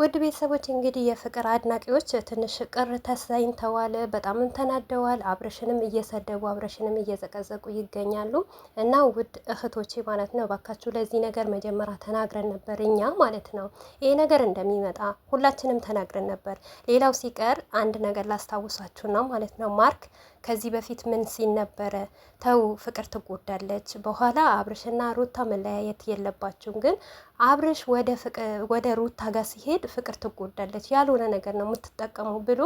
ውድ ቤተሰቦች እንግዲህ የፍቅር አድናቂዎች ትንሽ ቅር ተሰኝተዋል። በጣምም ተናደዋል። አብረሽንም እየሰደቡ አብረሽንም እየዘቀዘቁ ይገኛሉ። እና ውድ እህቶቼ ማለት ነው ባካችሁ ለዚህ ነገር መጀመሪያ ተናግረን ነበር እኛ ማለት ነው ይሄ ነገር እንደሚመጣ ሁላችንም ተናግረን ነበር። ሌላው ሲቀር አንድ ነገር ላስታውሳችሁ ነው ማለት ነው ማርክ ከዚህ በፊት ምን ሲል ነበረ? ተው ፍቅር ትጎዳለች፣ በኋላ አብርሽና ሩታ መለያየት የለባቸውም። ግን አብርሽ ወደ ሩታ ጋር ሲሄድ ፍቅር ትጎዳለች፣ ያልሆነ ነገር ነው የምትጠቀሙ ብሎ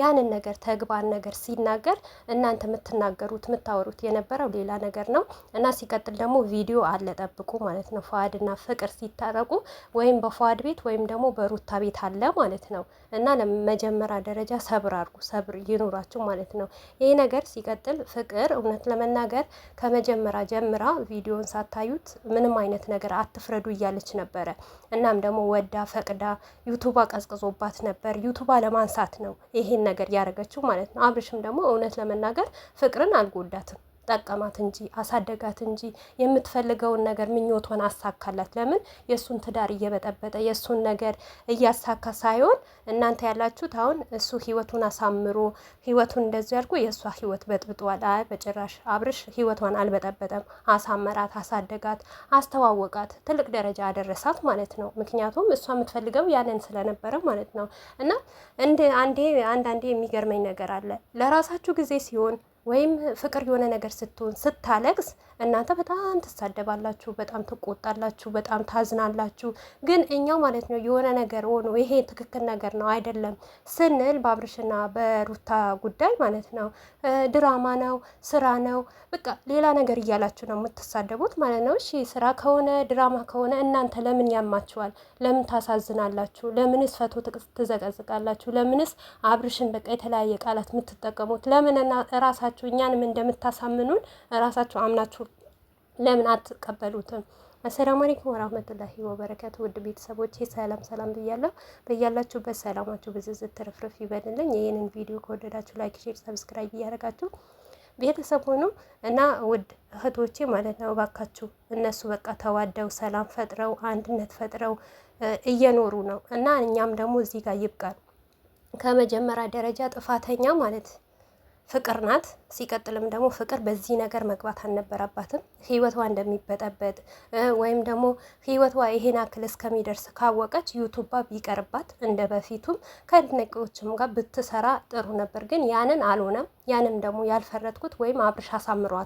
ያንን ነገር ተግባር ነገር ሲናገር እናንተ የምትናገሩት የምታወሩት የነበረው ሌላ ነገር ነው እና ሲቀጥል ደግሞ ቪዲዮ አለ ጠብቁ ማለት ነው። ፏድና ፍቅር ሲታረቁ ወይም በፏድ ቤት ወይም ደግሞ በሩታ ቤት አለ ማለት ነው እና ለመጀመሪያ ደረጃ ሰብር አድርጉ፣ ሰብር ይኑራችሁ ማለት ነው። ነገር ሲቀጥል ፍቅር እውነት ለመናገር ከመጀመሪያ ጀምራ ቪዲዮን ሳታዩት ምንም አይነት ነገር አትፍረዱ እያለች ነበረ። እናም ደግሞ ወዳ ፈቅዳ ዩቱብ አቀዝቅዞባት ነበር። ዩቱብ ለማንሳት ነው ይሄን ነገር ያደረገችው ማለት ነው። አብርሽም ደግሞ እውነት ለመናገር ፍቅርን አልጎዳትም። ጠቀማት እንጂ አሳደጋት እንጂ የምትፈልገውን ነገር ምኞቷን አሳካላት። ለምን የእሱን ትዳር እየበጠበጠ የእሱን ነገር እያሳካ ሳይሆን እናንተ ያላችሁት አሁን እሱ ህይወቱን አሳምሮ ህይወቱን እንደዚህ አድርጎ የእሷ ህይወት በጥብጧል። አይ በጭራሽ አብርሽ ህይወቷን አልበጠበጠም። አሳመራት፣ አሳደጋት፣ አስተዋወቃት፣ ትልቅ ደረጃ አደረሳት ማለት ነው። ምክንያቱም እሷ የምትፈልገው ያንን ስለነበረ ማለት ነው። እና አንዴ አንዳንዴ የሚገርመኝ ነገር አለ ለራሳችሁ ጊዜ ሲሆን ወይም ፍቅር የሆነ ነገር ስትሆን ስታለቅስ እናንተ በጣም ትሳደባላችሁ፣ በጣም ትቆጣላችሁ፣ በጣም ታዝናላችሁ። ግን እኛ ማለት ነው የሆነ ነገር ሆኖ ይሄ ትክክል ነገር ነው አይደለም ስንል በአብርሽና በሩታ ጉዳይ ማለት ነው ድራማ ነው ስራ ነው በቃ ሌላ ነገር እያላችሁ ነው የምትሳደቡት ማለት ነው። እሺ ስራ ከሆነ ድራማ ከሆነ እናንተ ለምን ያማችኋል? ለምን ታሳዝናላችሁ? ለምንስ ፈቶ ትዘቀዝቃላችሁ? ለምንስ አብርሽን በቃ የተለያየ ቃላት የምትጠቀሙት ለምን ራሳ ራሳችሁ እኛንም እንደምታሳምኑን ራሳችሁ አምናችሁ ለምን አትቀበሉትም? አሰላሙ አለይኩም ወራህመቱላሂ ወበረካቱ። ውድ ቤተሰቦቼ ሰላም ሰላም ብያለሁ። በያላችሁበት ሰላማችሁ ብዝዝ ትርፍርፍ ይበልልኝ። ይህንን ቪዲዮ ከወደዳችሁ ላይክ፣ ሼር፣ ሰብስክራይብ እያደረጋችሁ ቤተሰብ ሆኑ እና ውድ እህቶቼ ማለት ነው። እባካችሁ እነሱ በቃ ተዋደው ሰላም ፈጥረው አንድነት ፈጥረው እየኖሩ ነው እና እኛም ደግሞ እዚህ ጋር ይብቃል። ከመጀመሪያ ደረጃ ጥፋተኛ ማለት ፍቅር ናት። ሲቀጥልም ደግሞ ፍቅር በዚህ ነገር መግባት አልነበረባትም። ህይወቷ እንደሚበጠበጥ ወይም ደግሞ ህይወቷ ይሄን አክል እስከሚደርስ ካወቀች ዩቱባ ቢቀርባት እንደ በፊቱም ከአድናቂዎችም ጋር ብትሰራ ጥሩ ነበር። ግን ያንን አልሆነም። ያንም ደግሞ ያልፈረድኩት ወይም አብርሽ አሳምሯት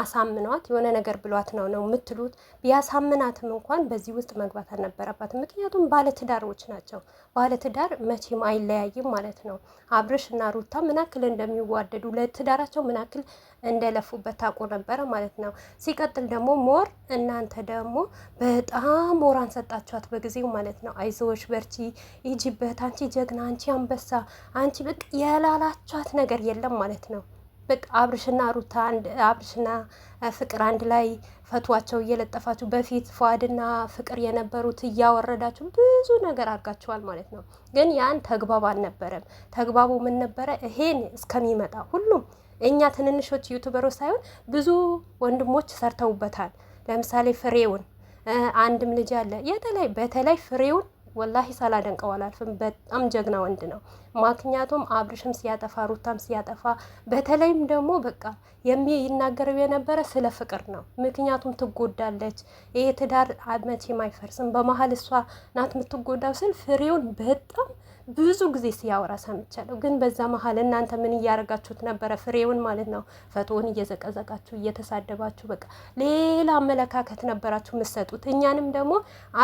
አሳምኗት የሆነ ነገር ብሏት ነው ነው የምትሉት። ቢያሳምናትም እንኳን በዚህ ውስጥ መግባት አልነበረባትም። ምክንያቱም ባለትዳሮች ናቸው። ባለትዳር መቼም አይለያይም ማለት ነው። አብርሽ እና ሩታ ምን አክል እንደሚዋደዱ ለትዳራ እራሳቸው ምን ያክል እንደለፉበት ታውቁ ነበረ ማለት ነው። ሲቀጥል ደግሞ ሞር እናንተ ደግሞ በጣም ሞራን ሰጣችኋት በጊዜው ማለት ነው። አይዞሽ በርቺ፣ ይጂበት፣ አንቺ ጀግና፣ አንቺ አንበሳ፣ አንቺ ብቅ የላላችኋት ነገር የለም ማለት ነው። በቃ አብርሽና ሩታ አብርሽና ፍቅር አንድ ላይ ፈቷቸው እየለጠፋችሁ በፊት ፏድና ፍቅር የነበሩት እያወረዳችሁ ብዙ ነገር አድርጋችኋል ማለት ነው። ግን ያን ተግባቡ አልነበረም። ተግባቡ ምን ነበረ? ይሄን እስከሚመጣ ሁሉም እኛ ትንንሾች ዩቱበሮች ሳይሆን ብዙ ወንድሞች ሰርተውበታል። ለምሳሌ ፍሬውን አንድም ልጅ አለ የተለይ በተለይ ፍሬውን ወላሂ ሳላደንቀው አላልፍም። በጣም ጀግና ወንድ ነው። ምክንያቱም አብርሽም ሲያጠፋ፣ ሩታም ሲያጠፋ፣ በተለይም ደግሞ በቃ የሚናገረው የነበረ ስለ ፍቅር ነው። ምክንያቱም ትጎዳለች። ይሄ ትዳር መቼም አይፈርስም፣ በመሀል እሷ ናት የምትጎዳው ስል ፍሬውን በጣም ብዙ ጊዜ ሲያወራ ሰምቻለሁ። ግን በዛ መሀል እናንተ ምን እያደረጋችሁት ነበረ? ፍሬውን ማለት ነው። ፈቶውን እየዘቀዘቃችሁ እየተሳደባችሁ፣ በቃ ሌላ አመለካከት ነበራችሁ የምትሰጡት። እኛንም ደግሞ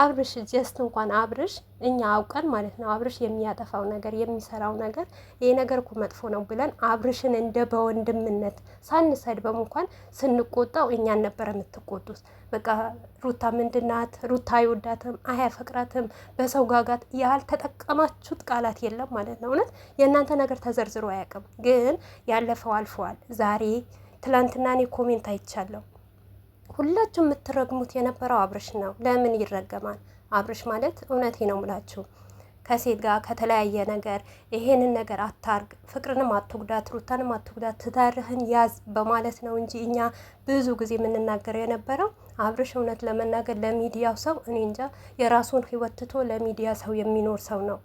አብርሽ ጀስት እንኳን አብርሽ እኛ አውቀን ማለት ነው አብርሽ የሚያጠፋው ነገር የሚሰራው ነገር ይሄ ነገር እኮ መጥፎ ነው ብለን አብርሽን እንደ በወንድምነት ሳንሰድበም እንኳን ስንቆጣው እኛን ነበረ የምትቆጡት። በቃ ሩታ ምንድናት? ሩታ አይወዳትም፣ አያፈቅራትም። በሰው ጋጋት ያልተጠቀማችሁት ቃላት የለም ማለት ነው። እውነት የእናንተ ነገር ተዘርዝሮ አያውቅም። ግን ያለፈው አልፈዋል። ዛሬ ትላንትና እኔ ኮሜንት አይቻለሁ። ሁላችሁ የምትረግሙት የነበረው አብርሽ ነው። ለምን ይረገማል? አብርሽ ማለት እውነቴ ነው ምላችሁ ከሴት ጋር ከተለያየ ነገር ይሄንን ነገር አታርግ፣ ፍቅርንም አትጉዳት፣ ሩታንም አትጉዳት፣ ትዳርህን ያዝ በማለት ነው እንጂ እኛ ብዙ ጊዜ የምንናገረው የነበረው አብርሽ እውነት ለመናገር ለሚዲያው ሰው እኔ እንጃ የራሱን ህይወት ትቶ ለሚዲያ ሰው የሚኖር ሰው ነው።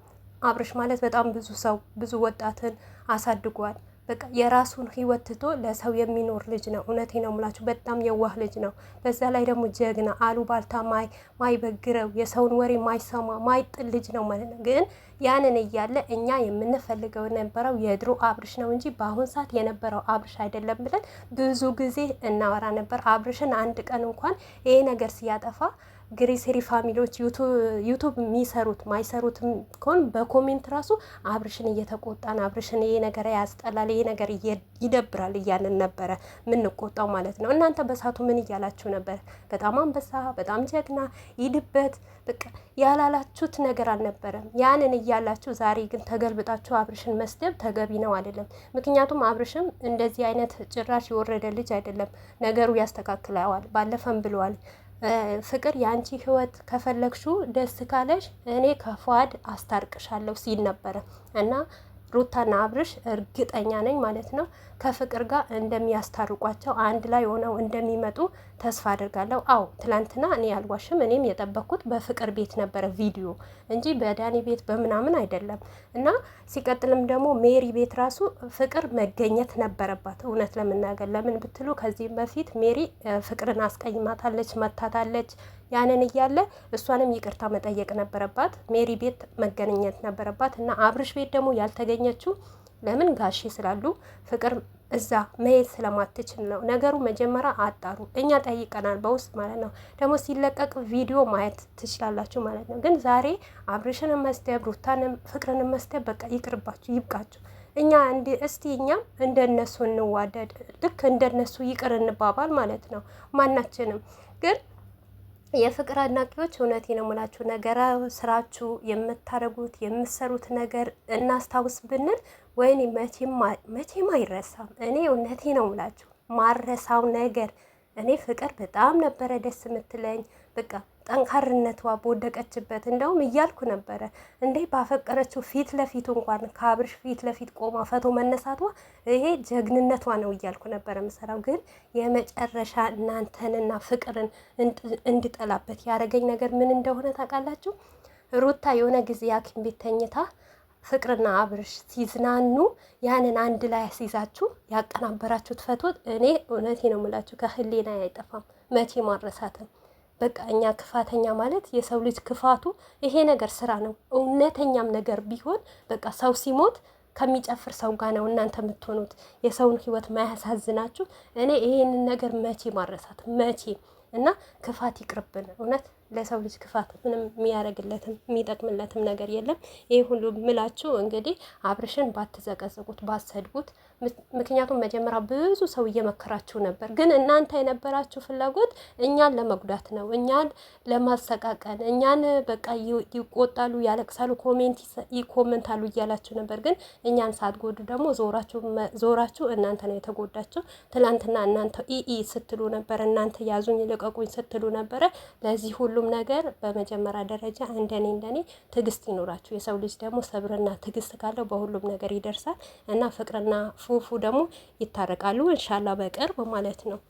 አብርሽ ማለት በጣም ብዙ ሰው ብዙ ወጣትን አሳድጓል። በቃ የራሱን ህይወት ትቶ ለሰው የሚኖር ልጅ ነው። እውነቴ ነው የምላችሁ፣ በጣም የዋህ ልጅ ነው። በዛ ላይ ደግሞ ጀግና፣ ባልታ ማይ ማይበግረው፣ የሰውን ወሬ ማይሰማ ማይጥል ልጅ ነው ማለት ነው። ግን ያንን እያለ እኛ የምንፈልገው የነበረው የድሮ አብርሽ ነው እንጂ በአሁን ሰዓት የነበረው አብርሽ አይደለም ብለን ብዙ ጊዜ እናወራ ነበር። አብርሽን አንድ ቀን እንኳን ይሄ ነገር ሲያጠፋ ግሪሰሪ ፋሚሊዎች ዩቱብ የሚሰሩት ማይሰሩትም ከሆን በኮሜንት ራሱ አብርሽን እየተቆጣን አብርሽን ይሄ ነገር ያስጠላል፣ ይሄ ነገር ይደብራል እያልን ነበረ የምንቆጣው ማለት ነው። እናንተ በሳቱ ምን እያላችሁ ነበር? በጣም አንበሳ፣ በጣም ጀግና፣ ይድበት በቃ ያላላችሁት ነገር አልነበረም። ያንን እያላችሁ ዛሬ ግን ተገልብጣችሁ አብርሽን መስደብ ተገቢ ነው አይደለም። ምክንያቱም አብርሽም እንደዚህ አይነት ጭራሽ የወረደ ልጅ አይደለም። ነገሩ ያስተካክለዋል። ባለፈም ብለዋል ፍቅር የአንቺ ህይወት ከፈለግሹ ደስ ካለሽ እኔ ከፏድ አስታርቅሻለሁ ሲል ነበረ እና ሩታና አብርሽ እርግጠኛ ነኝ ማለት ነው ከፍቅር ጋር እንደሚያስታርቋቸው አንድ ላይ ሆነው እንደሚመጡ ተስፋ አድርጋለሁ። አው ትላንትና እኔ ያልዋሽም፣ እኔም የጠበቅኩት በፍቅር ቤት ነበረ ቪዲዮ እንጂ በዳኒ ቤት በምናምን አይደለም። እና ሲቀጥልም ደግሞ ሜሪ ቤት ራሱ ፍቅር መገኘት ነበረባት። እውነት ለምናገር ለምን ብትሉ ከዚህም በፊት ሜሪ ፍቅርን አስቀይማታለች፣ መታታለች። ያንን እያለ እሷንም ይቅርታ መጠየቅ ነበረባት። ሜሪ ቤት መገናኘት ነበረባት እና አብርሽ ቤት ደግሞ ያልተገኘችው ለምን ጋሼ ስላሉ ፍቅር እዛ መሄድ ስለማትችል ነው። ነገሩ መጀመሪያ አጣሩ። እኛ ጠይቀናል በውስጥ ማለት ነው። ደግሞ ሲለቀቅ ቪዲዮ ማየት ትችላላችሁ ማለት ነው። ግን ዛሬ አብርሽን መስደብ፣ ሩታን ፍቅርን መስደብ በቃ ይቅርባችሁ፣ ይብቃችሁ። እኛ እስቲ እኛም እንደነሱ እንዋደድ፣ ልክ እንደነሱ ይቅር እንባባል ማለት ነው ማናችንም ግን የፍቅር አድናቂዎች እውነቴ ነው የምላችሁ ነገራ ስራችሁ የምታደርጉት የምሰሩት ነገር እናስታውስ ብንል ወይኔ መቼም አይረሳም። እኔ እውነቴ ነው የምላችሁ ማረሳው ነገር እኔ ፍቅር በጣም ነበረ ደስ የምትለኝ በቃ ጠንካርነቷ በወደቀችበት እንደውም እያልኩ ነበረ እንዴ ባፈቀረችው ፊት ለፊቱ እንኳን ከአብርሽ ፊት ለፊት ቆማ ፈቶ መነሳቷ ይሄ ጀግንነቷ ነው እያልኩ ነበረ ምሰራው። ግን የመጨረሻ እናንተንና ፍቅርን እንድጠላበት ያደረገኝ ነገር ምን እንደሆነ ታውቃላችሁ? ሩታ የሆነ ጊዜ ሐኪም ቤት ተኝታ ፍቅርና አብርሽ ሲዝናኑ ያንን አንድ ላይ አስይዛችሁ ያቀናበራችሁት ፈቶ እኔ እውነቴ ነው የምላችሁ ከህሊና አይጠፋም፣ መቼ ማረሳትም በቃ እኛ ክፋተኛ ማለት የሰው ልጅ ክፋቱ ይሄ ነገር ስራ ነው። እውነተኛም ነገር ቢሆን በቃ ሰው ሲሞት ከሚጨፍር ሰው ጋር ነው እናንተ የምትሆኑት። የሰውን ህይወት ማያሳዝናችሁ። እኔ ይሄንን ነገር መቼ ማረሳት መቼ እና ክፋት ይቅርብን። እውነት ለሰው ልጅ ክፋት ምንም የሚያደርግለትም የሚጠቅምለትም ነገር የለም። ይህ ሁሉ ምላችሁ እንግዲህ አብርሽን ባትዘቀዝቁት፣ ባትሰድቡት። ምክንያቱም መጀመሪያ ብዙ ሰው እየመከራችሁ ነበር፣ ግን እናንተ የነበራችሁ ፍላጎት እኛን ለመጉዳት ነው፣ እኛን ለማሰቃቀን፣ እኛን በቃ ይቆጣሉ፣ ያለቅሳሉ፣ ኮሜንት ይኮመንታሉ እያላችሁ ነበር። ግን እኛን ሳትጎዱ ደግሞ ዞራችሁ እናንተ ነው የተጎዳችሁ። ትላንትና እናንተ ኢኢ ስትሉ ነበር እናንተ ያዙኝ ልቀ ልቀቁኝ ስትሉ ነበረ። ለዚህ ሁሉም ነገር በመጀመሪያ ደረጃ እንደኔ እንደኔ ትዕግስት ይኖራችሁ። የሰው ልጅ ደግሞ ሰብርና ትዕግስት ካለው በሁሉም ነገር ይደርሳል እና ፍቅርና ፉፉ ደግሞ ይታረቃሉ። እንሻላ በቅርብ ማለት ነው።